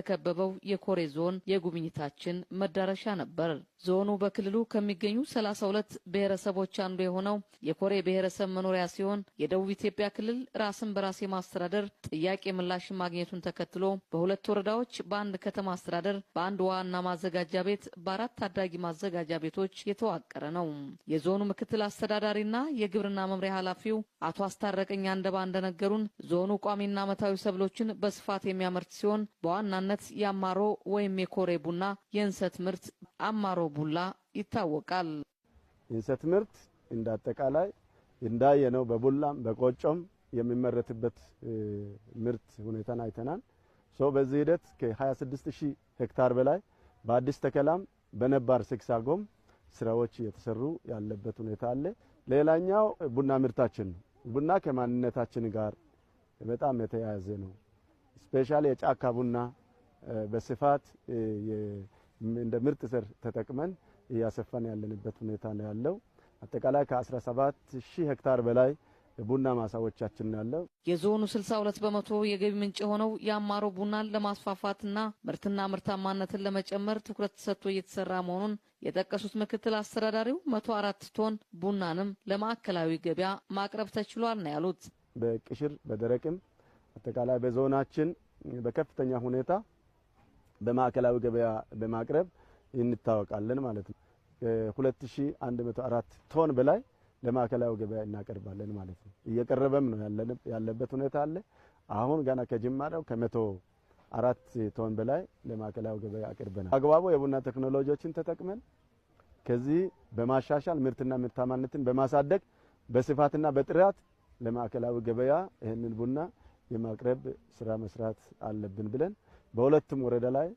የተከበበው የኮሬ ዞን የጉብኝታችን መዳረሻ ነበር። ዞኑ በክልሉ ከሚገኙ ሰላሳ ሁለት ብሔረሰቦች አንዱ የሆነው የኮሬ ብሔረሰብ መኖሪያ ሲሆን የደቡብ ኢትዮጵያ ክልል ራስን በራስ የማስተዳደር ጥያቄ ምላሽ ማግኘቱን ተከትሎ በሁለት ወረዳዎች፣ በአንድ ከተማ አስተዳደር፣ በአንድ ዋና ማዘጋጃ ቤት፣ በአራት ታዳጊ ማዘጋጃ ቤቶች የተዋቀረ ነው። የዞኑ ምክትል አስተዳዳሪና የግብርና መምሪያ ኃላፊው አቶ አስታረቀኝ አንደባ እንደነገሩን ዞኑ ቋሚና ዓመታዊ ሰብሎችን በስፋት የሚያመርት ሲሆን በዋናነት በዋናነት የአማሮ ወይም የኮሬ ቡና የእንሰት ምርት አማሮ ቡላ ይታወቃል። የእንሰት ምርት እንደ አጠቃላይ እንዳየነው በቡላም በቆጮም የሚመረትበት ምርት ሁኔታን አይተናል። ሶ በዚህ ሂደት ከ26000 ሄክታር በላይ በአዲስ ተከላም በነባር ስክሳጎም ስራዎች እየተሰሩ ያለበት ሁኔታ አለ። ሌላኛው ቡና ምርታችን ነው። ቡና ከማንነታችን ጋር በጣም የተያያዘ ነው። ስፔሻል የጫካ ቡና በስፋት እንደ ምርጥ ዘር ተጠቅመን እያሰፋን ያለንበት ሁኔታ ነው ያለው። አጠቃላይ ከ17 ሺህ ሄክታር በላይ ቡና ማሳዎቻችን ያለው የዞኑ 62 በመቶ የገቢ ምንጭ የሆነው የአማሮ ቡናን ለማስፋፋትና ምርትና ምርታማነትን ለመጨመር ትኩረት ተሰጥቶ እየተሰራ መሆኑን የጠቀሱት ምክትል አስተዳዳሪው 104 ቶን ቡናንም ለማዕከላዊ ገበያ ማቅረብ ተችሏል ነው ያሉት። በቅሽር በደረቅም አጠቃላይ በዞናችን በከፍተኛ ሁኔታ በማዕከላዊ ገበያ በማቅረብ እንታወቃለን ማለት ነው። ከ2104 ቶን በላይ ለማዕከላዊ ገበያ እናቀርባለን ማለት ነው። እየቀረበም ነው ያለበት ሁኔታ አለ። አሁን ገና ከጅማሬው ከመቶ አራት ቶን በላይ ለማዕከላዊ ገበያ አቅርበናል። አግባቡ የቡና ቴክኖሎጂዎችን ተጠቅመን ከዚህ በማሻሻል ምርትና ምርታማነትን በማሳደግ በስፋትና በጥራት ለማዕከላዊ ገበያ ይህንን ቡና የማቅረብ ስራ መስራት አለብን ብለን በሁለቱም ወረዳ ላይ